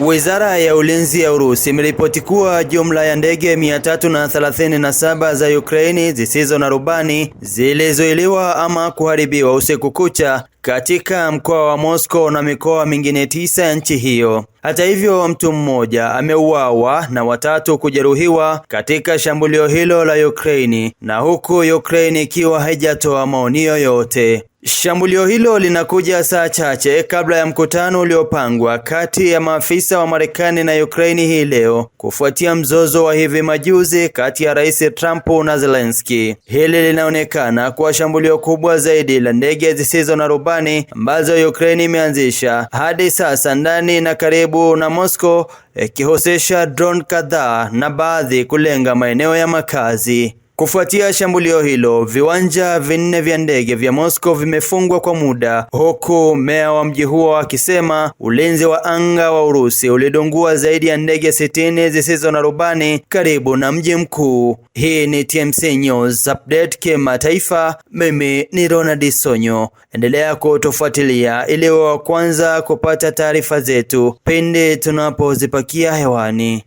Wizara ya Ulinzi ya Urusi imeripoti kuwa jumla ya ndege 337 za Ukraini zisizo na rubani zilizuiliwa ama kuharibiwa usiku kucha katika mkoa wa Moscow na mikoa mingine tisa ya nchi hiyo. Hata hivyo, mtu mmoja ameuawa na watatu kujeruhiwa katika shambulio hilo la Ukraini, na huku Ukraine ikiwa haijatoa maoni yoyote. Shambulio hilo linakuja saa chache kabla ya mkutano uliopangwa kati ya maafisa wa Marekani na Ukraini hii leo kufuatia mzozo wa hivi majuzi kati ya Rais Trump na Zelensky. Hili linaonekana kuwa shambulio kubwa zaidi la ndege zisizo na rubani ambazo Ukraini imeanzisha hadi sasa ndani na karibu karibu na Moscow ikihusisha drone kadhaa na baadhi kulenga maeneo ya makazi. Kufuatia shambulio hilo, viwanja vinne vya ndege vya Moscow vimefungwa kwa muda, huku meya wa mji huo akisema ulinzi wa anga wa Urusi ulidungua zaidi ya ndege sitini zisizo na rubani karibu na mji mkuu. Hii ni TMC News Update kimataifa. Mimi ni Ronald Sonyo, endelea kutufuatilia ili wa kwanza kupata taarifa zetu pindi tunapozipakia hewani.